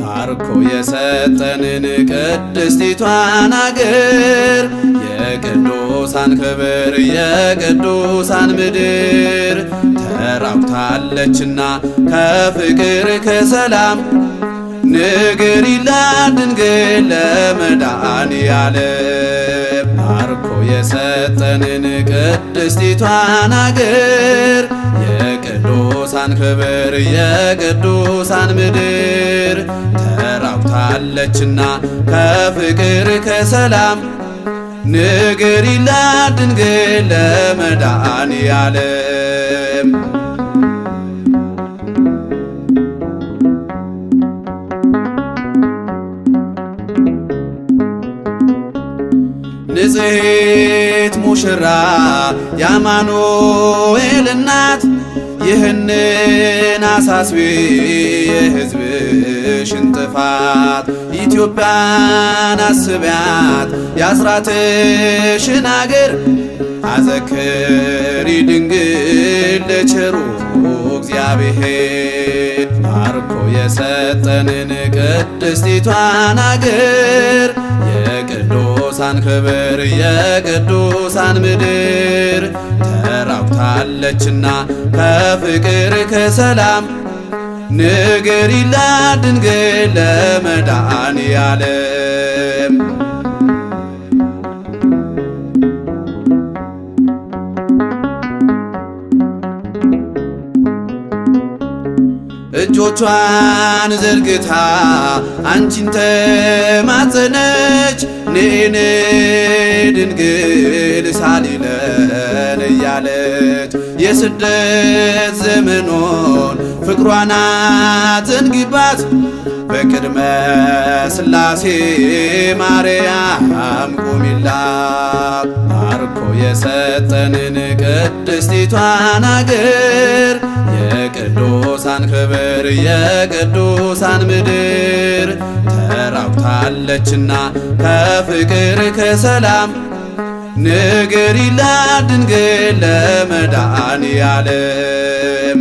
ባርኮ የሰጠንን ቅድስቲቷን አገር የቅዱሳን ክብር የቅዱሳን ምድር ተራብታለችና ከፍቅር ከሰላም ንግሪላን ድንግል ለመድኃኔ ዓለም የሰጠንን ቅድስቲቷን አገር የቅዱሳን ክብር የቅዱሳን ምድር ተራብታለችና ከፍቅር ከሰላም ንገሪላት ድንግል ለመድኃኔዓለም ንጽሕት ሙሽራ የአማኑኤል እናት ይህንን አሳስቢ የሕዝብሽን ጥፋት ኢትዮጵያን አስቢያት የአስራትሽን አገር አዘክሪ ድንግል ለቸሩ እግዚአብሔር ባርኮ የሰጠንን ቅድስቲቷን አገር የቅዱሳን ክብር የቅዱሳን ምድር ተራቁታለችና ከፍቅር ከሰላም ንገሪላ ለመዳን ለመድኃኔዓለም እጆቿን ዘርግታ አንቺን ተማጸነች። ኔኔ ድንግል ሳሊለን እያለች የስደት ዘመኖን ፍቅሯን አትንጊባት በቅድመ ሥላሴ ማርያም ቁሚላት ባርኮ የሰጠንን ቅድስቲቷን አገር የቅዱሳን ክብር የቅዱሳን ምድር ራቁታለችና ከፍቅር ከሰላም ንገሪላት ድንግል ለመድኃኔዓለም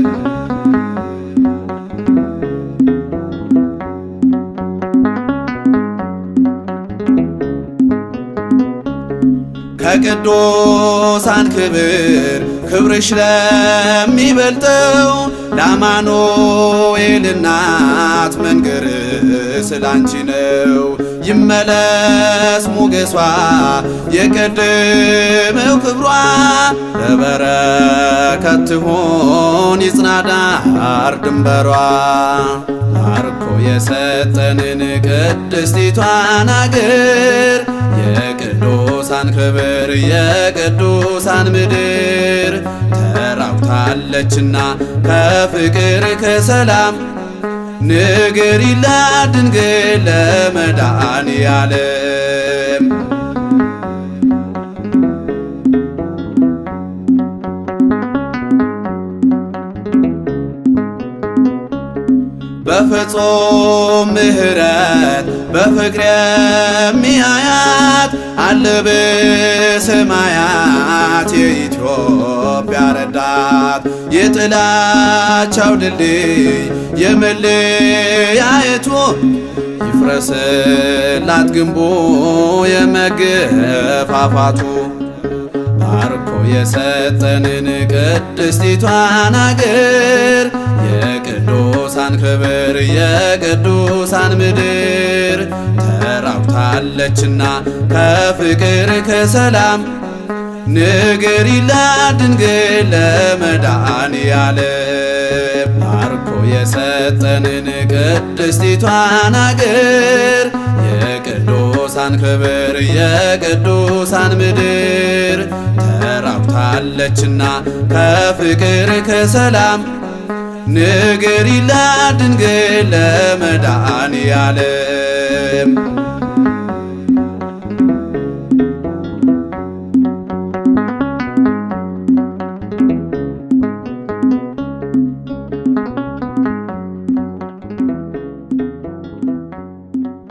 ከቅዱሳን ክብር ክብርሽ ለሚበልጠው ለአማኑኤል እናት መንገር ስላንቺ ነው። ይመለስ ሞገሷ የቀደመው ክብሯ ለበረከት ትሆን ይጽና ዳር ድንበሯ ባርኮ የሰጠንን ቅድስቲቷን አገር የቅዱስ የቅዱሳን ክብር የቅዱሳን ምድር ተራቁታለችና ከፍቅር ከሰላም ንገሪላ ድንግል ለመድኃኔዓለም በፍጹም ምሕረት በፍቅር የሚ አለ በሰማያት የኢትዮጵያ ረዳት የጥላቻው ድልድይ የመለያየቱ ይፍረስላት ግንቡ የመገፋፋቱ ባርኮ የሰጠንን ቅድስቲቷን አገር የቅዱሳን ክብር የቅዱሳን ምድር አለችና ከፍቅር ከሰላም ንገሪ ለድንግል ለመድኃኔዓለም ባርኮ የሰጠንን ቅድስቲቷን አገር የቅዱሳን ክብር የቅዱሳን ምድር ተራብታለችና ከፍቅር ከሰላም ንገሪ ለድንግል ለመድኃኔዓለም